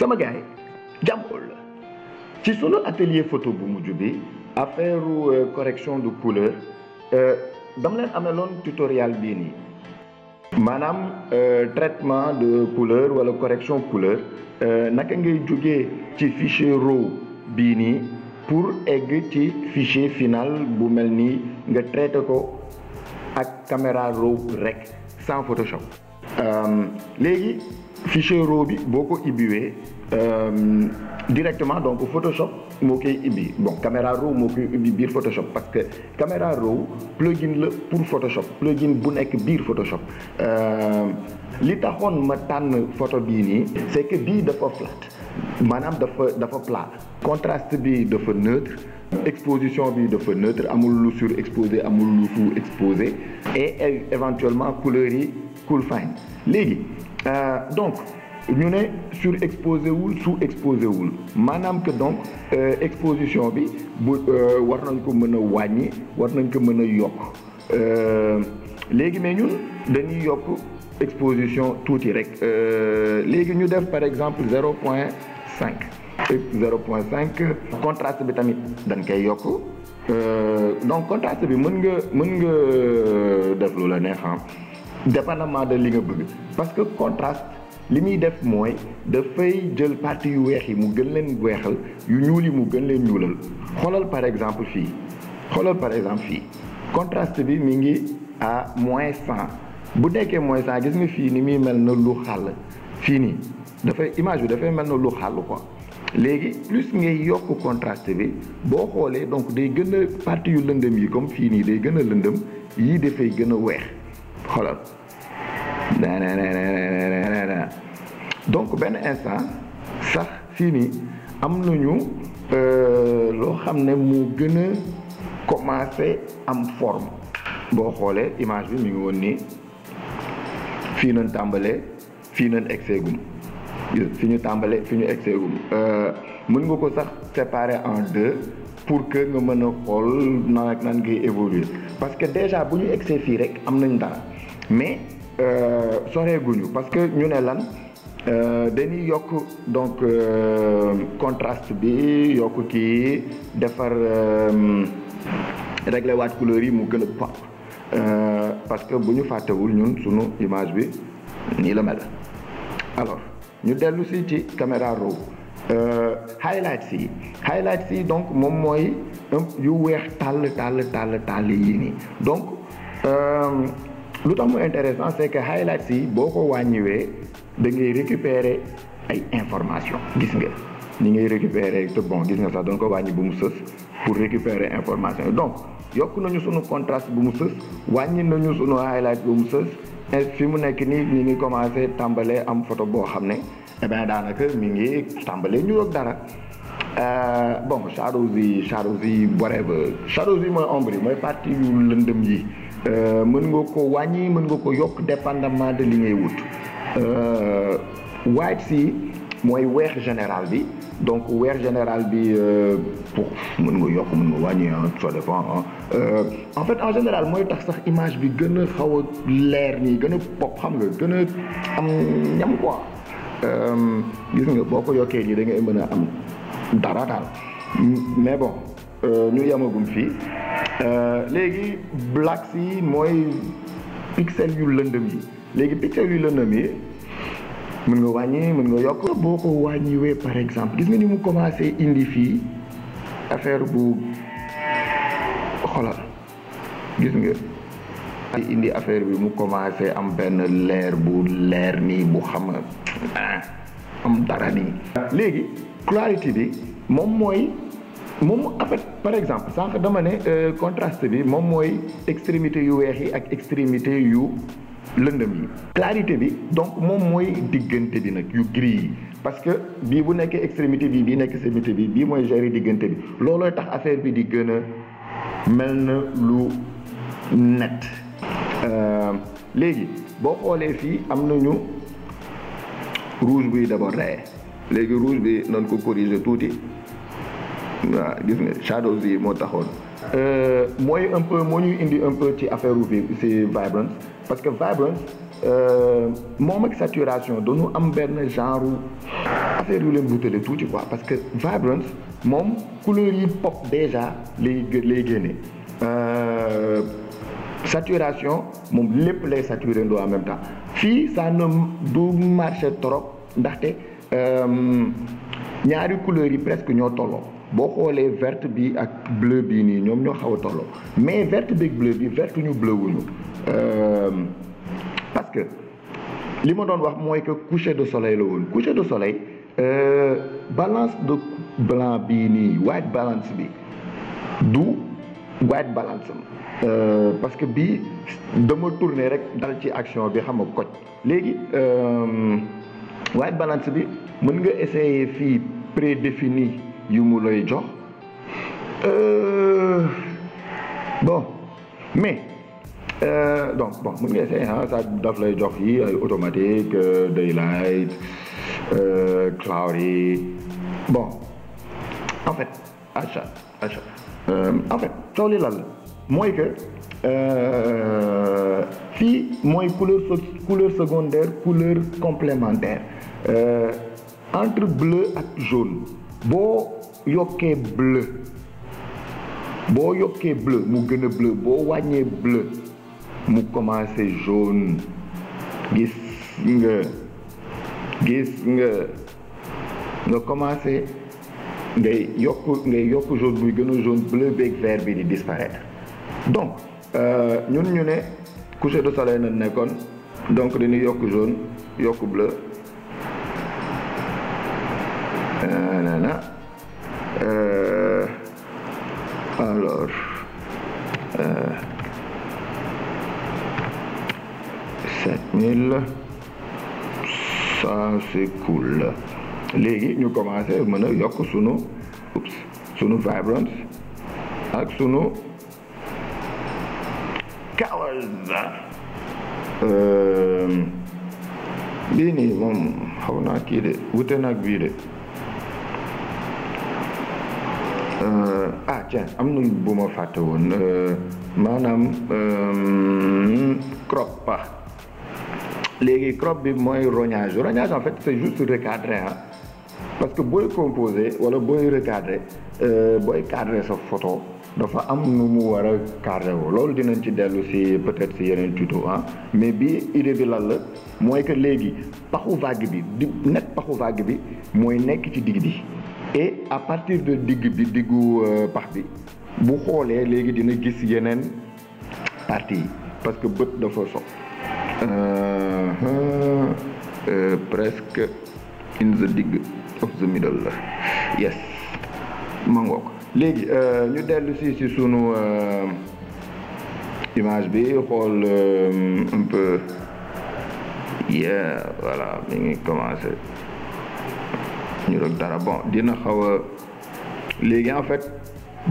sama gars yi jàmbool ci sunu atelier photo bu mujj bi affaire euh, correction de couleur euh, dama leen ameloon tutoriel bii nii maanaam euh, traitement de couleur wala correction couleur naka ngay jógee ci fichier raw bii nii pour egg ci fichier final bu mel nii nga traité ko ak caméra raw rek sans Photoshop léegi fichier bi boo ko ibbiwee euh, directement donc Photoshop moo koy ibbi bon caméra raw moo koy ibbi biir Photoshop parce que caméra raw plugin la pour Photoshop plugin bu nekk biir Photoshop euh, li taxoon ma tànn photo bii nii c'est que bii dafa flat maanaam dafa dafa plat contraste bi dafa neutre exposition bi dafa neutre amul lu surexposé amul lu sous-exposé et éventuellement couleur yi cool fine léegi Euh, donc ñu ne surexposé wul sous-exposé wul maanaam que donc euh, exposition bi bu euh, war nañ ko mën a wàññi war nañ ko mën a yokk léegi mais ñun dañuy yokk exposition tuuti rek léegi ñu def par exemple zéro point cinq zéro point cinq contraste bi tamit dañ koy yokk donc contraste bi mën nga mën nga def lu la neex dépendamment de li nga bëgg parce que contraste li muy def mooy dafay jël parti yu weex yi mu gën leen weexal yu ñuul yi mu gën leen ñuulal xoolal par exemple fii xoolal par exemple fii contraste bi mi ngi à moins cent bu nekkee moins cent gis nga fii ni muy mel na lu xàll fii nii dafay image bi dafay mel na lu xàll ko léegi plus ngay yokk contraste bi boo xoolee donc day gën a parti yu lëndëm yi comme fii nii day gën a lëndëm yii dafay gën a weex xoolal donc benn instant sax fii nii am nañu euh, loo xam ne mu gën a commencé am forme boo xoolee image bi mi ngi woon nii fii nañ tàmbalee fii nañ egseegum fi ñu tàmbalee fi ñu egseegum euh, mën nga ko sax séparer en deux pour que nga mën a xool nan ak nan ngay évoluer parce que déjà bu ñu egsee fii rek am nañ dara mais euh, soreeguñu parce que ñu ne lan euh, dañuy yokk donc euh, contraste bi yokk kii defar réglé waat couleur yi mu gën a pop parce que bu ñu fàttewul ñun sunu image bi nii la mel alors ñu dellu si ci caméra raw highlights yi highlights yi donc moom mooy yu weex tàll tàll tàll tàll yi nii donc lu tax mu intéressant c'est que highlights yi boo ko wàññiwee da ngay récupérer ay information gis nga ni ngay récupérer te bon gis nga sax doon ko wàññi bu mu sës pour récupérer information donc yokk nañu sunu contraste bu mu sës wàññi nañu sunu highlight bu mu sës et fi mu nekk nii nii ngi commencé tàmbalee am photo boo xam ne eh bien daanaka mi ngi tàmbalee ñu roog dara euh, bon shadows yi shadows yi whatever shadows yi mooy ombre yi mooy partie yu lëndëm yi Euh, mën nga ko wàññi mën nga koo yokk dépendamment de li ngay wut euh, white si mooy weex général bi donc weex général bi euh, pour mën nga yokk mën nga wàññi ah ça dépend en fait en général mooy tax sax image bi gën a xaw leer nii gën a pop xam nga gën a am ñam quoi gis nga boo ko yokkee nii da mën a am dara daal mais bon ñu yemagum fii Euh, léegi blacks yi mooy pixel yu lëndëm yi léegi pixel yu lëndëm yi mën nga wàññi mën nga yokk boo ko wàññiwee par exemple gis nga ni mu commencé indi fii affaire bu xoolal gis nga ay indi affaire bi mu commencé am benn leer bu leer nii bu xam ah, am dara nii léegi clarité bi moom mooy moom en par exemple sànq dama ne euh, contraste bi moom mooy extrémité yu weex yi ak extrémité yu lëndëm yi clarité bi donc moom mooy diggante bi nag yu gris yi parce que bii bu nekkee extrémité bii bii nekk extrémité bi bii mooy gérer diggante bi loolooy tax affaire bi di gën a mel na lu net euh, léegi boo xoolee fii am nañu rouge buy d'abord léegi rouge bi noonu ko corriger tuuti waaw gis nga shadows yi moo taxoon. Euh, mooy un moo ñuy indi un ci affaire wu u si vibrance parce que vibrance euh, moom ak saturation dañu am benn genre affaire yu leen wutale tuuti quoi parce que vibrance moom couleur yi pop déjà lay lay génne. Euh, saturation moom lépp lay saturé ndoo en même temps fii sa ne du marché trop ndaxte ñaari couleurs yi presque ñoo tolloo. boo xoolee verte bi ak bleu bii nii ñoom ñoo xaw a tolloo mais verte bi ak bleu bi verte ñu bleu wuñu euh, parce que li ma doon wax mooy que coucher de soleil la woon coucher de soleil euh, balance de blanc bi nii white balance bi du white balance am euh, parce que bii dama tourner rek dal ci action bi xam nga koj léegi white balance bi mën nga essayer fii prédéfini yu mu lay jox euh, bon mais euh, donc bon mun nga essayer ah ça daf lay jox yi ay automatique euh, daylight euh, bon en fait achat achat euh, en fait coow li la mooy que euh, fii mooy couleur couleur secondaire couleur complémentaire entre bleu ak jaune yokkee bleu boo yokkee bleu mu gën a bleu boo wàññee bleu mu commencé jaune gis nga gis nga nga commencé ngay yokk ngay yokk jaune buy gën a jaune bleu beeg vert bi di disparaître donc euh, ñun ñu ne coucher de soleil na nekkoon donc dañuy yokk jaune yokk bleu euh, na 7000 ça c'est cool léegi ñu commencé mën a yokk sunu oops sunu vibrance ak sunu colors euh, bii nii moom xaw naa kii de wute nag Euh, ah tiens am na bu ma fàtte woon euh, maanaam euh, crop pas léegi crop bi mooy rognage rognage en fait c'est juste recadrer ah parce que booy composé wala booy recadré booy cadré sa photo dafa am nu mu war a cadré woo loolu dinañ ci dellu si peut-être si yeneen tuto ah mais bi idée bi lan la mooy que léegi paxu vague bi di nekk paxu vague bi mooy nekk ci digg bi et à partir de digg bi diggu euh, pax bi bu xoolee léegi dina gis yeneen parti yi parce que bët dafa so euh, euh, presque in the digg la yes mangoo ko léegi ñu dellu si si sunu image bi xool un peu yeah voilà mi ngi commencé ñu rek dara bon dina xaw a léegi en fait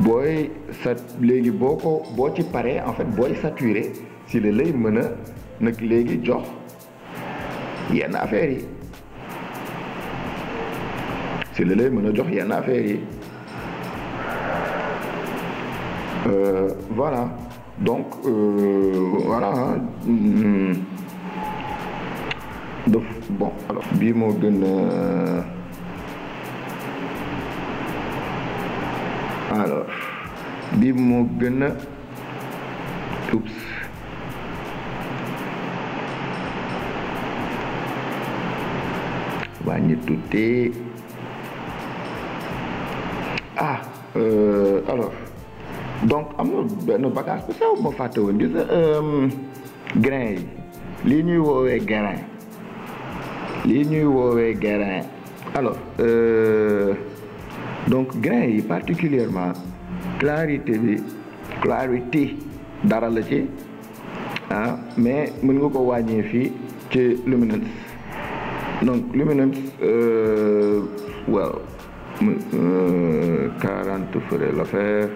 booy sat léegi boo ko boo ci paree en fait booy sature si la lay mën a nag léegi jox yenn affaires yi si la lay mën a jox yenn affaires yi euh, voilà donc euh, voilà hmm. bon alors bii moo gën a euh, alors bi moo gën a oups wàññi tuuti ah euh, donc am na benn bagage bu sew ma fàtte woon euh, yi li ñuy woowe grain lii ñuy woowe grain alo euh, donc grain yi particulièrement clarité bi clarité dara la ci ah mais mën nga ko wàññee fii ci luminance donc luminance euh, waaw euh, 40 frais la faire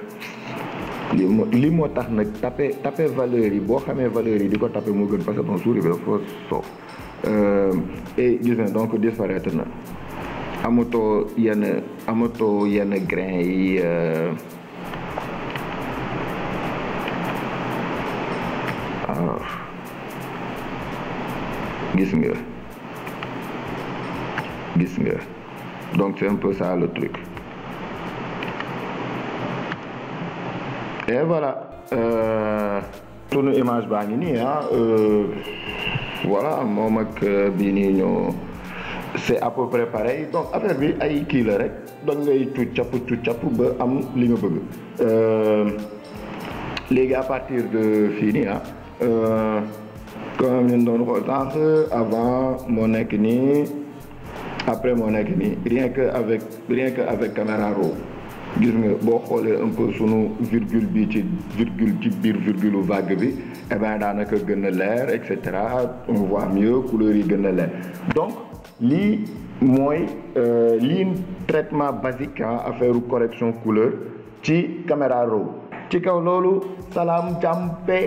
li moo li moo tax nag tape tape valeur yi boo xamee valeur yi di ko tape moo gën parce que bon souris bi dafa soof euh, et gis nga donc disparaître na amatoo yenn amatoo yenn grain yi euh, waaw gis nga gis nga donc c'est un peu ça le truc et voilà sunu euh, image baa ngi nii ah euh, voilà moom ak bii nii ñoo c'est à peu près pareil donc affaire bi ay kii la rek donc ngay tuut capp tuut capp ba am li nga bëgg euh, léegi à partir de fii nii ah euh, comme ñun doon xool sànq avant moo nekk nii après moo nekk nii rien que avec rien que avec caméra raw gis nga boo xoolee un peu sunu virgule bi ci virgule ci biir virgule vague bi eh ben daanaka gën a leer et cetera on voit mieux couleur yi gën a leer donc lii mooy euh, ligne traitement basique ah, affaire correction couleur ci caméra raw ci kaw loolu salaam jàmm pe